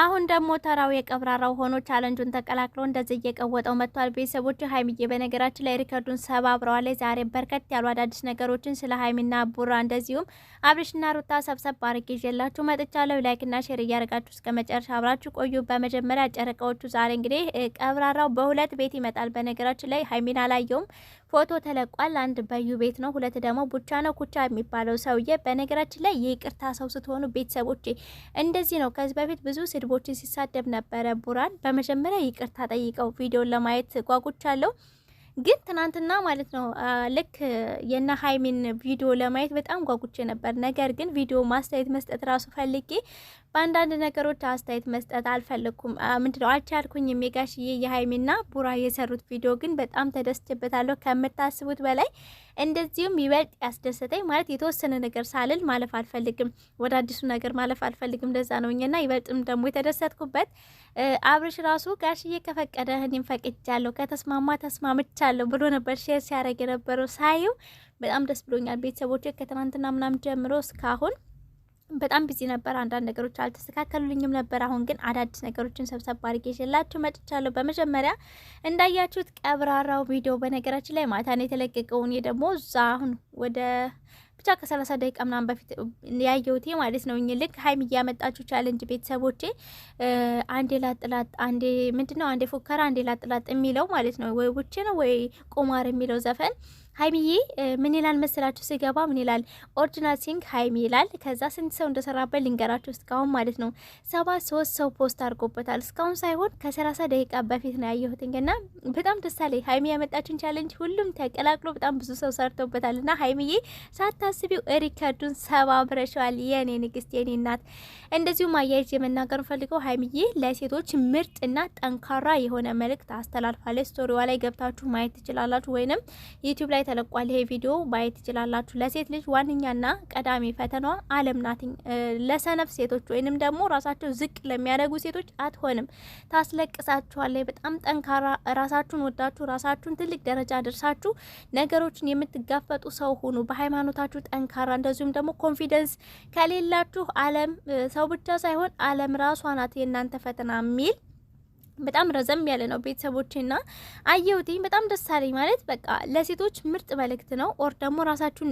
አሁን ደግሞ ተራው የቀብራራው ሆኖ ቻለንጁን ተቀላቅሎ እንደዚህ እየቀወጠው መጥቷል። ቤተሰቦች ሀይሚዬ በነገራችን ላይ ሪከርዱን ሰባብረዋል። ዛሬ በርከት ያሉ አዳዲስ ነገሮችን ስለ ሀይሚና ቡራ እንደዚሁም አብርሽና ሩታ ሰብሰብ አድርጌ ይዤላችሁ መጥቻለሁ። ላይክና ሼር እያደረጋችሁ እስከ መጨረሻ አብራችሁ ቆዩ። በመጀመሪያ ጨረቃዎቹ ዛሬ እንግዲህ ቀብራራው በሁለት ቤት ይመጣል። በነገራችን ላይ ሀይሚን አላየውም ፎቶ ተለቋል። አንድ በዩ ቤት ነው፣ ሁለት ደግሞ ቡቻ ነው። ኩቻ የሚባለው ሰውዬ በነገራችን ላይ የይቅርታ ሰው ስትሆኑ ቤተሰቦች እንደዚህ ነው። ከዚህ በፊት ብዙ ስድቦችን ሲሳደብ ነበረ ቡራን። በመጀመሪያ ይቅርታ ጠይቀው ቪዲዮን ለማየት ጓጉቻለሁ። ግን ትናንትና ማለት ነው ልክ የነ ሀይሚን ቪዲዮ ለማየት በጣም ጓጉቼ ነበር። ነገር ግን ቪዲዮ ማስተያየት መስጠት ራሱ ፈልጌ በአንዳንድ ነገሮች አስተያየት መስጠት አልፈለኩም፣ ምንድነው አልቻልኩኝም። የጋሽዬ የሀይሚና ቡራ የሰሩት ቪዲዮ ግን በጣም ተደስችበታለሁ ከምታስቡት በላይ። እንደዚሁም ይበልጥ ያስደሰተኝ ማለት የተወሰነ ነገር ሳልል ማለፍ አልፈልግም፣ ወደ አዲሱ ነገር ማለፍ አልፈልግም። ለዛ ነው እኛና ይበልጥም ደግሞ የተደሰትኩበት አብርሽ ራሱ ጋሽዬ ከፈቀደ እኔም ፈቅጃለሁ ከተስማማ ተስማምቻለሁ ብሎ ነበር ሼር ሲያደርግ የነበረው ሳየው በጣም ደስ ብሎኛል። ቤተሰቦች ከትናንትና ምናምን ጀምሮ እስካሁን በጣም ቢዚ ነበር። አንዳንድ ነገሮች አልተስተካከሉልኝም ነበር። አሁን ግን አዳዲስ ነገሮችን ሰብሰብ አድርጌ ይዤላችሁ መጥቻለሁ። በመጀመሪያ እንዳያችሁት ቀብራራው ቪዲዮ በነገራችን ላይ ማታ ነው የተለቀቀው። እኔ ደግሞ እዛ አሁን ወደ ብቻ ከሰላሳ ደቂቃ ምናምን በፊት ያየሁት ማለት ነው። ልክ ሀይም እያመጣችሁ ቻለንጅ ቤተሰቦቼ፣ አንዴ ላጥላጥ፣ አንዴ ምንድነው፣ አንዴ ፉከራ፣ አንዴ ላጥላጥ የሚለው ማለት ነው። ወይ ቡቼ ነው ወይ ቁማር የሚለው ዘፈን ሀይሚዬ ምን ይላል መሰላችሁ? ስገባ ምን ይላል ኦሪጂናል ሲንግ ሀይሚ ይላል። ከዛ ስንት ሰው እንደሰራበት ልንገራችሁ። እስካሁን ማለት ነው ሰባ ሶስት ሰው ፖስት አድርጎበታል። እስካሁን ሳይሆን ከሰላሳ ደቂቃ በፊት ነው ያየሁትኝ እና በጣም ደስ አለኝ። ሀይሚ ያመጣችን ቻለንጅ ሁሉም ተቀላቅሎ በጣም ብዙ ሰው ሰርቶበታል እና ሀይሚዬ ሳታስቢው ሪከርዱን ሰባ ሰባብረሻል። የኔ ንግስት፣ የኔ እናት። እንደዚሁም አያይዝ የመናገር ፈልገው ሀይሚዬ ለሴቶች ምርጥና ጠንካራ የሆነ መልእክት አስተላልፋለች። ስቶሪዋ ላይ ገብታችሁ ማየት ትችላላችሁ ወይንም ዩቲዩብ ላይ ተለቋል። ይሄ ቪዲዮ ማየት ትችላላችሁ። ለሴት ልጅ ዋነኛና ቀዳሚ ፈተናዋ አለም ናት። ለሰነፍ ሴቶች ወይንም ደግሞ ራሳቸው ዝቅ ለሚያደርጉ ሴቶች አትሆንም፣ ታስለቅሳችኋለች። በጣም ጠንካራ፣ ራሳችሁን ወዳችሁ፣ ራሳችሁን ትልቅ ደረጃ ደርሳችሁ ነገሮችን የምትጋፈጡ ሰው ሁኑ። በሃይማኖታችሁ ጠንካራ፣ እንደዚሁም ደግሞ ኮንፊደንስ ከሌላችሁ አለም ሰው ብቻ ሳይሆን አለም ራሷ ናት የእናንተ ፈተና የሚል በጣም ረዘም ያለ ነው ቤተሰቦቼና አየሁትኝ። በጣም ደስ አለኝ። ማለት በቃ ለሴቶች ምርጥ መልእክት ነው። ኦር ደግሞ ራሳችሁን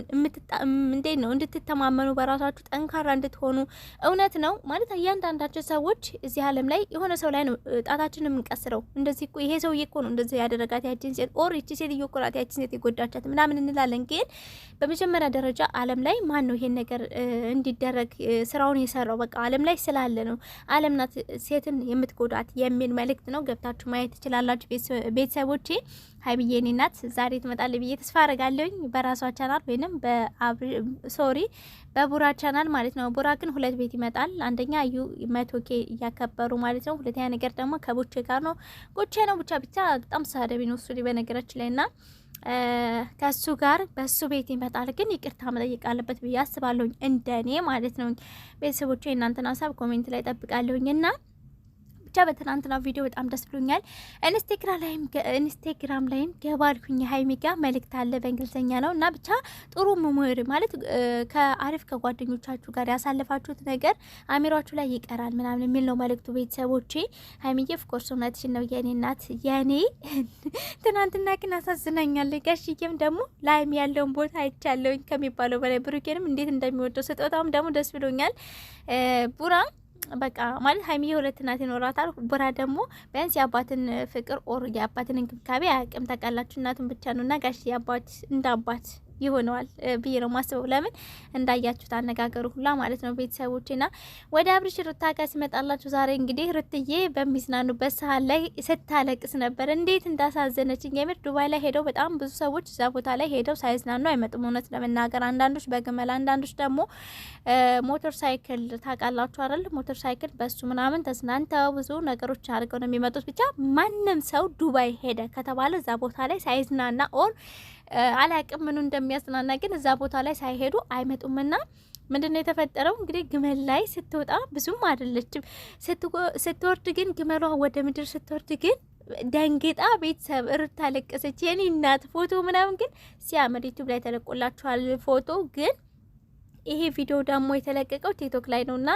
እንዴት ነው እንድትተማመኑ፣ በራሳችሁ ጠንካራ እንድትሆኑ እውነት ነው ማለት እያንዳንዳችን ሰዎች እዚህ ዓለም ላይ የሆነ ሰው ላይ ነው ጣታችን የምንቀስረው። እንደዚህ ይሄ ሰውዬ እኮ ነው እንደዚህ ያደረጋት ያችን ሴት ኦር ይቺ ሴት እየኮራት ያችን ሴት የጎዳቻት ምናምን እንላለን። ግን በመጀመሪያ ደረጃ ዓለም ላይ ማን ነው ይሄን ነገር እንዲደረግ ስራውን የሰራው? በቃ ዓለም ላይ ስላለ ነው ዓለም ናት ሴትን የምትጎዳት የሚል መልእክት መልእክት ነው። ገብታችሁ ማየት ትችላላችሁ። ቤተሰቦቼ ሀይሚዬ የኔ እናት ዛሬ ትመጣለች ብዬ ተስፋ አረጋለሁኝ። በራሷ ቻናል ወይንም ሶሪ በቡራ ቻናል ማለት ነው። ቡራ ግን ሁለት ቤት ይመጣል። አንደኛ ዩ መቶ ኬ እያከበሩ ማለት ነው። ሁለተኛ ነገር ደግሞ ከቦቼ ጋር ነው። ጎቼ ነው ብቻ ብቻ በጣም ሳደቢ ነው እሱ በነገራችን ላይ ና ከሱ ጋር በሱ ቤት ይመጣል። ግን ይቅርታ መጠየቅ አለበት ብዬ አስባለሁኝ እንደኔ ማለት ነው። ቤተሰቦቼ የእናንተን ሀሳብ ኮሜንት ላይ ጠብቃለሁኝ እና ብቻ በትናንትና ቪዲዮ በጣም ደስ ብሎኛል። ኢንስቴግራም ላይም ገባልኩኝ ሀይሚ ጋር መልእክት አለ በእንግሊዝኛ ነው እና ብቻ ጥሩ መምህር ማለት ከአሪፍ ከጓደኞቻችሁ ጋር ያሳለፋችሁት ነገር አሚሯችሁ ላይ ይቀራል ምናምን የሚል ነው መልእክቱ። ቤተሰቦቼ ሀይሚዬ ፍኮርስ እውነትሽን ነው የኔ እናት የኔ ትናንትና ግን አሳዝናኛለ። ጋሽዬም ደግሞ ላይም ያለውን ቦታ አይቻለውኝ ከሚባለው በላይ ብሩኬንም እንዴት እንደሚወደው ስጦታውም ደግሞ ደስ ብሎኛል ቡራም በቃ ማለት ሀይሚዬ ሁለት እናት ይኖራታል። ቡራ ደግሞ ቢያንስ የአባትን ፍቅር ኦር የአባትን እንክብካቤ አያውቅም። ታውቃላችሁ፣ እናቱን ብቻ ነው እና ጋሽ የአባት እንደ አባት ይሆነዋል ብዬ ነው ማስበው። ለምን እንዳያችሁት አነጋገሩ ሁላ ማለት ነው ቤተሰቦችና ወደ አብርሽ ሩታ ጋር ሲመጣላችሁ ዛሬ እንግዲህ ርትዬ በሚዝናኑበት ሰዓት ላይ ስታለቅስ ነበር። እንዴት እንዳሳዘነችኝ የምር ዱባይ ላይ ሄደው በጣም ብዙ ሰዎች እዛ ቦታ ላይ ሄደው ሳይዝናኑ አይመጡም። እውነት ለመናገር አንዳንዶች በግመል አንዳንዶች ደግሞ ሞተር ሳይክል ታውቃላችሁ አይደል? ሞተር ሳይክል በሱ ምናምን ተዝናንተው ብዙ ነገሮች አድርገው ነው የሚመጡት። ብቻ ማንም ሰው ዱባይ ሄደ ከተባለ እዛ ቦታ ላይ ሳይዝናና ኦር አላቅም ምኑ እንደሚያስተናና ግን እዛ ቦታ ላይ ሳይሄዱ አይመጡምና ምንድነው የተፈጠረው? እንግዲህ ግመል ላይ ስትወጣ ብዙም አይደለችም። ስትወርድ ግን ግመሏ ወደ ምድር ስትወርድ ግን ደንግጣ ቤተሰብ እርታ ለቀሰች። የኔ እናት ፎቶ ምናምን ግን ሲያምር ዩቱብ ላይ ተለቆላችኋል ፎቶ ግን ይሄ ቪዲዮ ደግሞ የተለቀቀው ቲክቶክ ላይ እና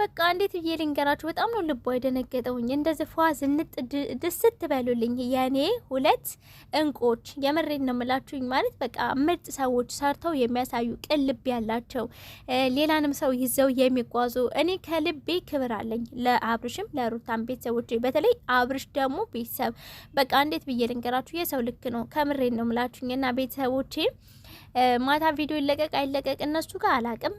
በቃ እንዴት ብዬ ልንገራችሁ፣ በጣም ነው ልቦ የደነገጠውኝ። እንደዚህ ፏ ዝንጥ ድስት በሉልኝ የኔ ሁለት እንቁዎች። የምሬን ነው ምላችሁኝ። ማለት በቃ ምርጥ ሰዎች ሰርተው የሚያሳዩ ቅን ልብ ያላቸው፣ ሌላንም ሰው ይዘው የሚጓዙ። እኔ ከልቤ ክብር አለኝ ለአብርሽም ለሩታም ቤተሰቦች፣ በተለይ አብርሽ ደግሞ ቤተሰብ በቃ እንዴት ብዬ ልንገራችሁ የሰው ልክ ነው። ከምሬን ነው ምላችሁኝ እና ቤተሰቦቼ ማታ ቪዲዮ ይለቀቅ አይለቀቅ እነሱ ጋር አላቅም፣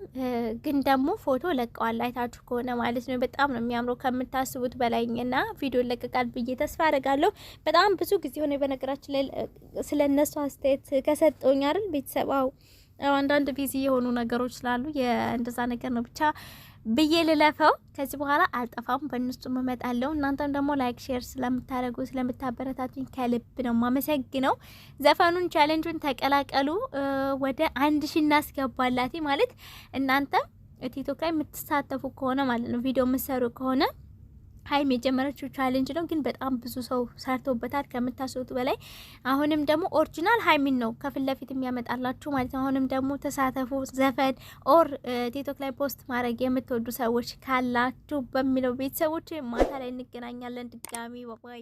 ግን ደግሞ ፎቶ ለቀዋል አይታችሁ ከሆነ ማለት ነው። በጣም ነው የሚያምረው ከምታስቡት በላይና ቪዲዮ ይለቀቃል ብዬ ተስፋ አደርጋለሁ። በጣም ብዙ ጊዜ ሆነ በነገራችን ላይ ስለ እነሱ አስተያየት ከሰጠውኝ አይደል ቤተሰብ አንዳንድ ቢዚ የሆኑ ነገሮች ስላሉ የእንደዛ ነገር ነው ብቻ ብዬ ልለፈው። ከዚህ በኋላ አልጠፋም፣ በእነሱም እመጣለሁ። እናንተም ደግሞ ላይክ፣ ሼር ስለምታደርጉ ስለምታበረታቱኝ ከልብ ነው ማመሰግነው። ዘፈኑን ቻሌንጁን ተቀላቀሉ። ወደ አንድ ሺ እናስገባላት ማለት እናንተ ቲክቶክ ላይ የምትሳተፉ ከሆነ ማለት ነው ቪዲዮ የምትሰሩ ከሆነ ሀይም የጀመረችው ቻሌንጅ ነው፣ ግን በጣም ብዙ ሰው ሰርቶበታል ከምታስቡት በላይ። አሁንም ደግሞ ኦሪጂናል ሀይሚን ነው ከፊት ለፊት የሚያመጣላችሁ ማለት ነው። አሁንም ደግሞ ተሳተፉ። ዘፈን ኦር ቲክቶክ ላይ ፖስት ማድረግ የምትወዱ ሰዎች ካላችሁ በሚለው ቤተሰቦች ማታ ላይ እንገናኛለን ድጋሚ ባይ